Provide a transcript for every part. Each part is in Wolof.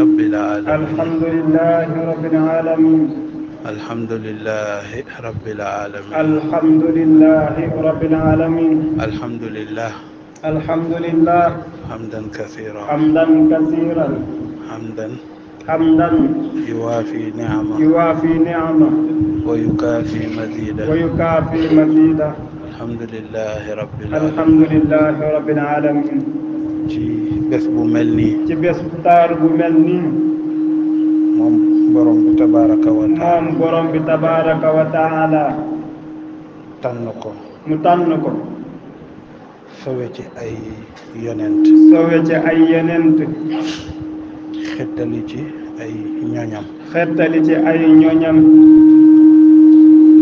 رب العالمين الحمد لله رب العالمين الحمد لله رب العالمين الحمد لله رب العالمين الحمد لله الحمد لله حمدا كثيرا حمدا كثيرا حمدا حمدا يوافي نعمه يوافي نعمه ويكافي مزيدا ويكافي مزيدا الحمد لله رب العالمين الحمد لله رب العالمين ci bés bu mel nii ci bes bu taar bu mel nii moom borom bi tabaraka wa taala moom borom bi tabaraka wa taala ko mu tànn ko sowe ci ay yonent sowe ci ay yonent xettali ci ay ñoñam xettali ci ay ñoñam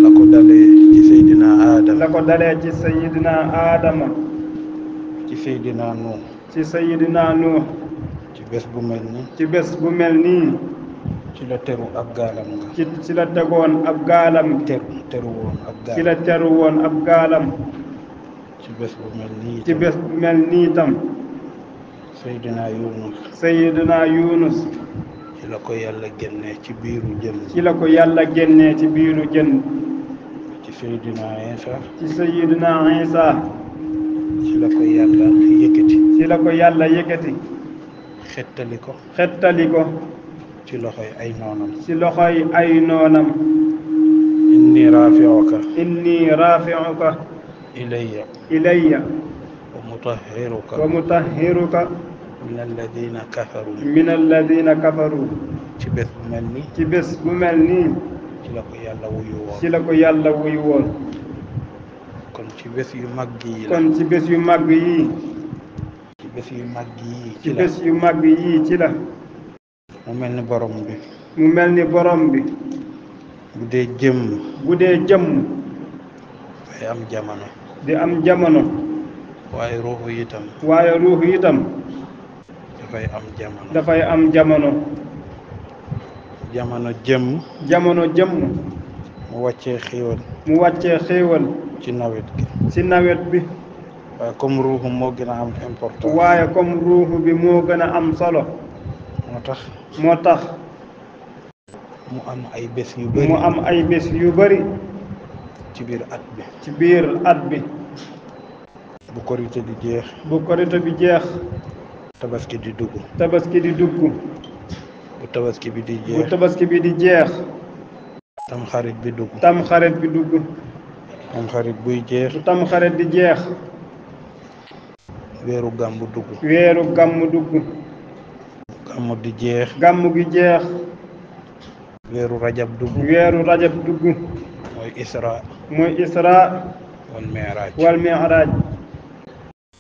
la ko dalee ci seydina aadama la ko dalee ci seydina aadama ci seydina nuux ci Seydina Nuux ci bés bu mel nii ci bés bu mel nii ci la teru ab gaalam la tegoon ab gaalam teru ab gaalam ci la teru woon ab gaalam ci bés bu mel ni ci bés bu mel nii tam Seydina Yunus Seydina Yunus ci la ko yàlla génnee ci biiru jën ci la ko yàlla génnee ci biiru jën ci Seydina Isa ci la ko yàlla yëkkati ci la ko yàlla yëkkati xettali ko xettali ko ci loxoy ay noonam ci loxoy ay noonam inni raafiuka inni raafiuka ilayya ilayya wa mutahhiruka wa mutahhiruka min alladina kafaru min alladina kafaru ci bés bu mel nii ci bés bu mel nii ci la ko yàlla wuyu woon ci la ko yàlla wuyu woon kon ci bés yu mag yi ci bés yu mag yi ci yu mag yi ci bés yu mag yi ci la mu mel ni borom bi mu mel ni borom bi bu dee jëm bu dee jëm am jamono di am jamono waaye waaye ruuxu itam dafay am jamono dafay am jamono jamono jëm jamono jëm mu wàccee xéewal mu wàccee xéewal ci nawet gi ci nawet bi waaye comme ruuxu moo gën a am important waaye comme ruuxu bi moo gën a am solo moo tax moo tax mu am ay bés yu bëri mu am ay bés yu bëri ci biir at bi ci biir at bi bu korite di jeex bu korite bi jeex tabaski di dugg tabaski di dugg bu tabaski bi di jeex bu tabaski bi di jeex tam xarit bi dugg tam xarit bi dugg tam xarit buy jeex bu tam xarit di jeex weeru gàmmu dugg weeru gàmmu dugg gàmmu di jeex gàmmu gi jeex weeru rajab dugg weeru rajab dugg mooy isra mooy isra wal mi'raj wal mi'raj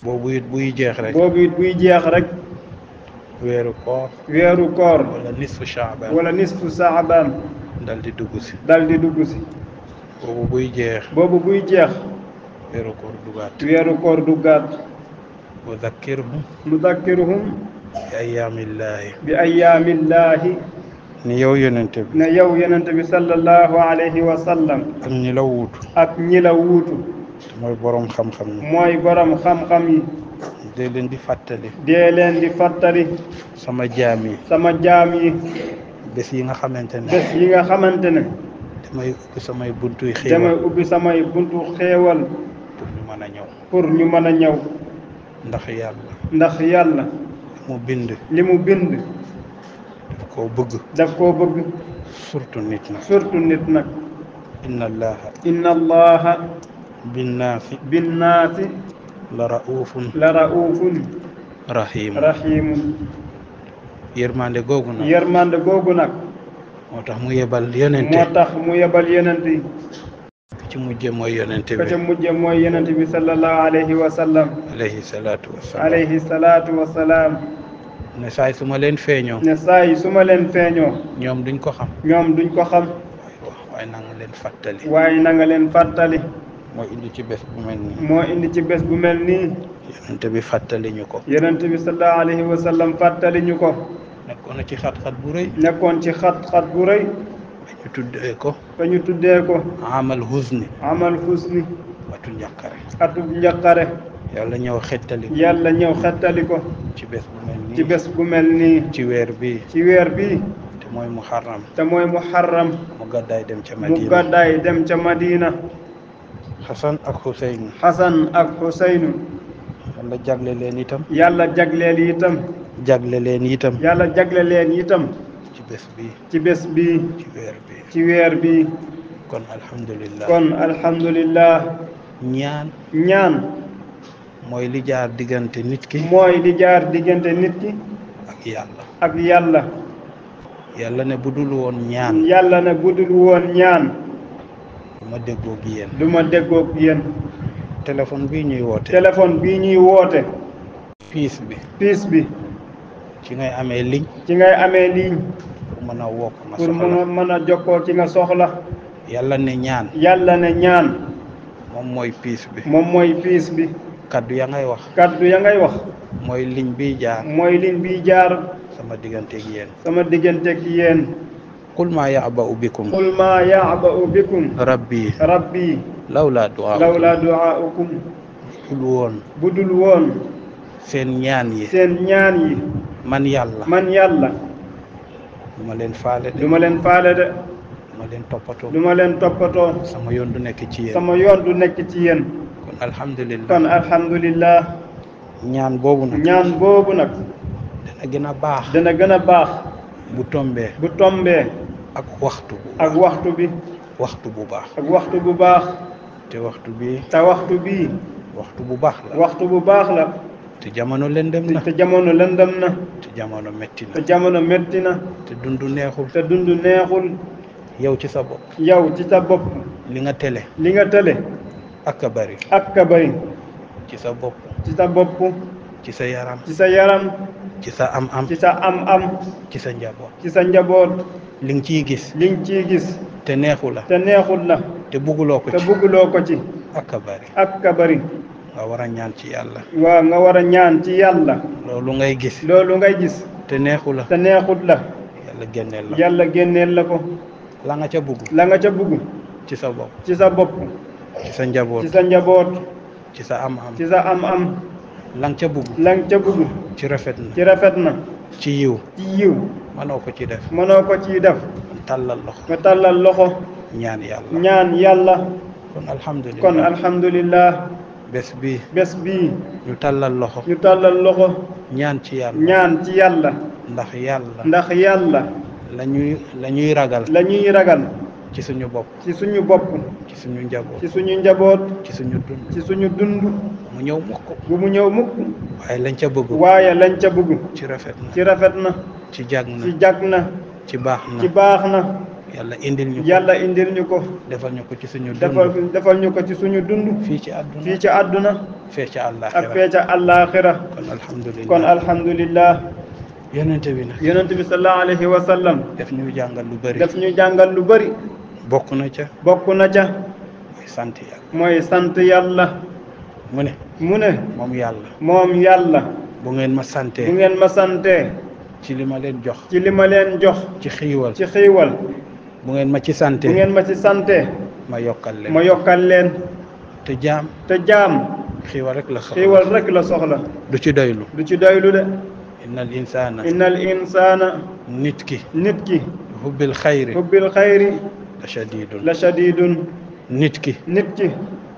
boobu it buy jeex rek boobu it buy jeex rek weeru koor weeru koor wala nisfu shaaban wala nisfu shaaban dal di dugg si dal di dugg si boobu buy jeex. boobu buy jeex. weeru koor duggaat. weeru koor duggaat. mu dakkiruhum. mu dakkiruhum. bi ayyaamillaahi. bi ayyaamillaahi. ni yow yonente bi. ne yow yonente bi sallallahu alayhi wa sallam. ak ñi la wuutu. ak ñi la wuutu. mooy borom xam-xam yi. mooy borom xam-xam yi. dee leen di fàttali. dee leen di fàttali. sama jaam yi. sama jaam yi. bés yi nga xamante ne. bés yi nga xamante ne. damay ubbi samay buntuy xéewal ubbi samay buntu xéewal pour ñu mën a ñëw pour ñu mën a ñëw ndax yàlla ndax yàlla li mu bind li mu bind daf koo bëgg daf koo bëgg surtout nit nag surtout nit nag inna allaha inna la raufun la raufun rahimu rahimu yërmande googu nag googu nag moo tax mu yebal yeneen yonent moo tax mu yebal yonent bi ka ci mujje mooy yonent bi ka ci bi sallallahu alayhi wa sallam alayhi salaatu wa salaam alayhi wa salaam ne saay su ma leen feeñoo ne saay su ma leen feeñoo ñoom duñ ko xam ñoom duñ ko xam waaye na leen fàttali waaye nanga leen fàttali moo indi ci bés bu mel nii moo indi ci bés bu mel ni yonent bi fàttali ñu ko yonent bi sallallahu alayhi wa sallam ñu ko nekkoon ci xat-xat bu ci xat-xat bu rëy. ba ñu tuddee ko. ba ñu tuddee ko. amal husni. atu njàqare. atu njàqare. yàlla ñëw xettali ko. ci bés bu mel nii. ci bés ci weer bi ci weer bii. te mooy muharram. te mooy muharram. mu gàddaay dem ca Madina mu gàddaay dem ca Madina. Xasan ak Xuseynu. yàlla jagle leen itam. yàlla jagle leen itam. jagle leen itam. yàlla jagle leen itam. ci bés bi. ci bi. ci weer bi. kon alhamdulillah. kon alhamdulillah. ñaan. ñaan. mooy li jaar diggante nit ki. mooy li jaar diggante nit ki. ak yàlla. ak yàlla. yàlla ne budul woon ñaan. yàlla ne budul woon ñaan. du ma déggoog yéen. du ma téléphone bii ñuy woote. téléphone bii ñuy woote. piis bi. piis bi. ci ngay amee ligne. ci ngay amee ligne. pour mën a woo mën a jokkoo ci nga soxla. yàlla ne ñaan. yàlla ne ñaan. moom mooy piis bi. moom mooy piis bi. kaddu ya ngay wax. kaddu ya ngay wax. mooy ligne biy jaar. sama digganteeg yéen. sama digganteek yéen. qul maa ya'ba'u bikum bikum rabbi rabbi lawlaa du'aa lawlaa budul woon budul ñaan yi seen ñaan yi man yàlla man yàlla du leen faale de du ma leen faale de du toppatoo du ma leen toppatoo sama yoon du sama yoon du nekk ci yéen kon alhamdulillah kon alhamdulillah ñaan boobu nag ñaan boobu nag dana gën a baax dana gën a baax bu tombee bu ak waxtu bu ak waxtu bi waxtu bu baax ak waxtu bu baax te waxtu bi te waxtu bii waxtu bu baax la waxtu bu baax la te jamono lëndëm na te jamono lëndëm na te jamono metti na te jamono metti na te dund neexul te dund neexul yow ci sa bopp yow ci sa bopp li nga tele li nga tele ak ka bari ak ka bari ci sa bopp ci sa bopp ci sa yaram ci sa yaram ci sa am am ci sa am am ci sa njaboot ci sa njaboot li nga ciy gis. li nga ciy gis. te neexu la. te neexul te bugguloo ko ci te bugguloo ko ci. ak ka nga war a ñaan ci yàlla. waa nga war a ñaan ci yàlla. loolu ngay gis. loolu ngay gis. te neexu la. te neexut la. yàlla génneel la yàlla la ko. la nga ca la nga ca bugg. ci sa bopp. ci sa bopp. ci sa njaboot ci sa njaboot. ci sa am-am. ci sa am-am. la ca bugg. la nga ci rafet na ci rafet na. ci yiw. ci yiw. mënoo ko ci def. mënoo ko ciy def. tàllal loxo nga tàllal loxo. ñaan yàlla ñaan yàlla. kon alhamdulilah kon alhamdulilah. bés bii bés bii. ñu tàllal loxo. ñu tàllal loxo. ñaan ci yàlla ñaan ci yàlla. ndax yàlla. ndax yàlla. la ñuy la ñuy ragal. la ñuy ragal. ci suñu bopp. ci suñu bopp. ci suñu njaboot. ci suñu njaboot. ci suñu dund. ci suñu dund. mu ñëw mukk bu mu ñëw mukk waaye lañ ca waaye lañ ca bëgg ci rafet ci rafet na ci jag na ci jag na ci baax na baax na yàlla indil ñu ko yàlla indil ñu ko. defal ñu ko ci suñu dund defal defal ñu ko ci suñu dund. fii ci àdduna fii ci àdduna. fee ca àllaaxira ak fee ca àllaaxira. kon alhamdulilah kon alhamdulilah. yonent bi nag yonent bi sallallahu alayhi ñu jàngal lu bëri. daf ñu lu bëri. bokk na ca. bokk na ca. mooy sant yàlla. mooy mu ne. mune mom yàlla mom yàlla bu ngeen ma sante bu ngeen ma sante ci lima len jox ci lima len jox ci xiwal ci xiwal bu ngeen ma ci sante bu ngeen ma ci sante ma yokal len ma yokal len te jam te jam xiwal rek la soxla xiwal rek la soxla du ci doylu du ci doylu de innal insana innal insana nitki nitki hubbil xayri hubbil xayri la shadidun la shadidun nit ki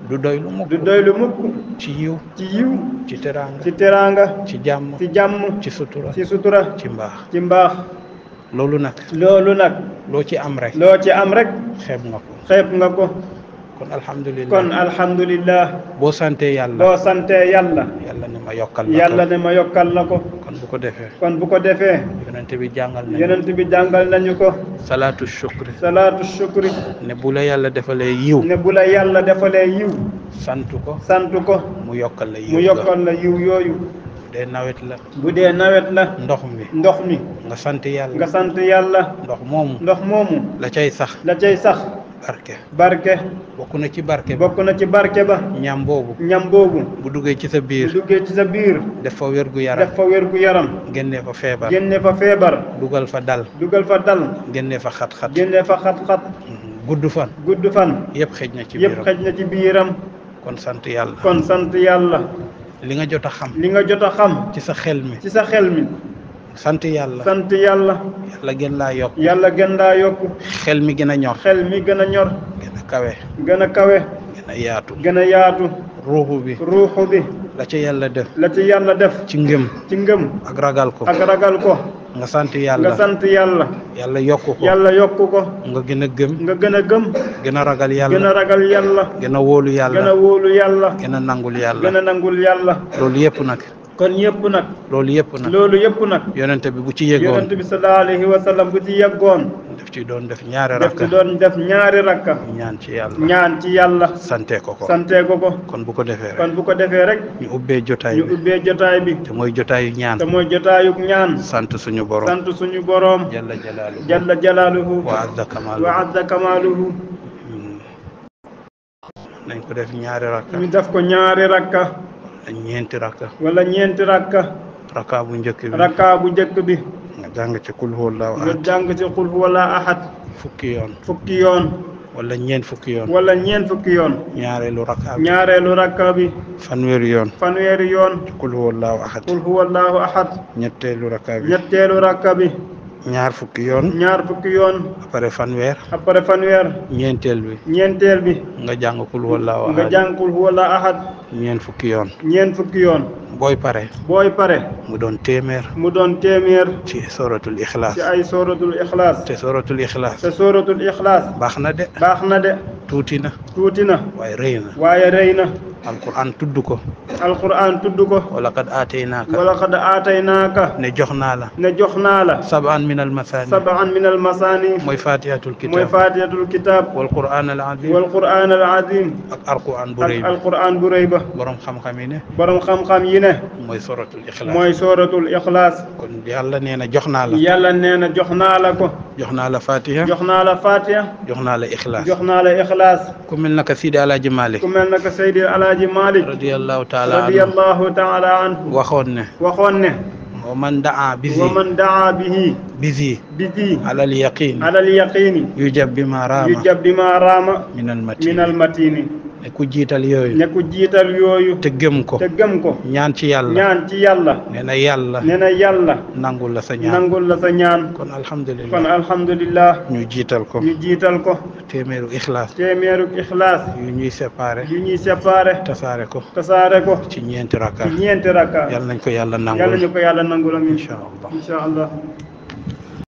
du doy lu mukk du doy lu mukk ci yiw ci yiw ci teraanga ci teraanga ci jàmm ci jàmm ci sutura ci sutura ci mbaax ci mbaax loolu nag loolu nag loo ci am rek loo ci am rek xeeb nga ko nga ko kon alhamdulilah boo santee yàlla boo sante yàlla yàlla ne ma yokkal la yàlla ne ma yokkal la ko bu ko defee kon bu ko defee yonent bi jàngal nañu yonent bi jàngal nañu ko salaatu shukri salaatu shukri ne bu la yàlla defalee yiw ne bu la yàlla defalee yiw sant ko sant ko mu yokkal la yiw mu yokkal yooyu bu dee nawet la bu dee nawet la ndox mi ndox mi nga sant yàlla nga sant yàlla ndox moomu ndox moomu la cay sax la cay sax barke barke bokk na ci barke bokk na ci barke ba ñam boobu ñam boobu bu duggee ci sa biir bu duggee ci sa biir def fa wér gu yaram def fa wér gu yaram génnee fa feebar génnee fa feebar dugal fa dal dugal fa dal génnee fa xat-xat génnee fa mm-hmm. gudd fan gudd fan yëpp xëj na ci biiram yëpp na ci biiram kon sant yàlla kon sant yàlla li nga jot a xam li nga jot a xam ci sa xel mi ci sa xel mi sant yàlla sant yàlla yàlla gën laa yokk yàlla gën laa yokk xel mi gën a ñor xel mi gën a ñor gën kawe gën a kawe gën a yaatu gën a yaatu ruuxu bi ruuxu bi la ci yàlla def la ci yàlla def ci ngëm ci ngëm ak ragal ko ak ragal ko nga sant yàlla nga sant yàlla yàlla yokk ko yàlla yokk ko nga gën a gëm nga gën a gëm gën a ragal yàlla gën a ragal yàlla gën a wóolu yàlla gën yàlla gën a nangul yàlla gën a nangul yëpp nag kon yëpp nag. loolu yëpp nag loolu yëpp nag. yonent bi bu ci yeggoon yonent bi sallallahu alayhi wa sallam bu ci yeggoon. daf ci doon def ñaari rakka daf ci doon def ñaari rakka. ñaan ci yàlla ñaan ci yàlla. sante ko ko sante ko ko. kon bu ko defee rek kon bu ko defee rek. ñu ubbee jotaay bi ñu ubbee jotaay bi. te mooy jotaayu ñaan. te mooy jotaayu ñaan. sant suñu borom sant suñu borom. jalla jalaaluhu jalla jalaaluhu. wa azza kamaaluhu wa azza kamaaluhu. Hmm. nañ ko def ñaari rakka. ñu def ko ñaari rakka. ñeenti rakka. wala ñeenti rakka. rakka bu njëkk bi rakka bu njëkk bi. nga jàng ci kul huwallaahu ahad. nga jàng ci kul huwallaahu ahad. fukki yoon fukki yoon. wala ñeent fukki yoon. wala ñeent fukki yoon. ñaareelu rakka bi ñaareelu rakka bi. fanweeri yoon. fanweeri yoon. ci kul huwallaahu ahad. kul huwallaahu ahad. ñetteelu rakka bi ñetteelu rakka bi. ñaar fukki yoon. ñaar fukki yoon. après fanweer. après bi. ñeenteel bi. nga jàng kul nga jàng kul wallaahu ahad. ñeent fukki yoon. ñeent fukki yoon. booy pare. booy pare. mu doon téeméer. mu doon téeméer. ci sooratul ikhlaas. ci ay sooratul ikhlaas. te sooratul ikhlaas. te sooratul baax na de. baax na de. tuuti na. tuuti na. waaye القرآن تدوكو القرآن تدوكو ولقد آتيناك ولقد آتيناك نجحنا لا نجحنا لا سبعا من المثاني سبعا من المثاني موي فاتحة الكتاب موي فاتحة الكتاب والقرآن العظيم والقرآن العظيم القرآن بريبة القرآن بريبة برم خم خمينة برم خم خمينة موي سورة الإخلاص موي سورة الإخلاص يلا نينا جحنا لا يلا نينا جحنا لا كو جحنا لا فاتحة جحنا لا فاتحة جحنا لا إخلاص جحنا لا إخلاص كملنا كسيد على جماله كملنا كسيد على Alaaji Malik radiyallahu taala radiyallahu taala anhu waxoon ne waxoon ne wa man daa bihi wa man daa bihi bihi bihi alal yaqin alal yaqini yujab bi ma raama yujab bi ma raama min al matini min al matini ne ku jiital yooyu. ne ku jiital yooyu. te gëm ko te gëm ko. ñaan ci yàlla ñaan ci yàlla. nee na yàlla. nee na yàlla. nangul la sa ñaan nangul la sa ñaan. kon alhamdulilah kon alhamdulilah. ñu jiital ko ñu jiital ko. téeméeru ixlaas. téeméeru ixlaas. yu ñuy séparé. yu ñuy séparé. tasaare ko tasaare ko. ci ñeenti rakka ci ñeenti rakka. yàlla nañ ko yàlla nangul yàlla nañ ko yàlla nangul ak incha allah incha allah.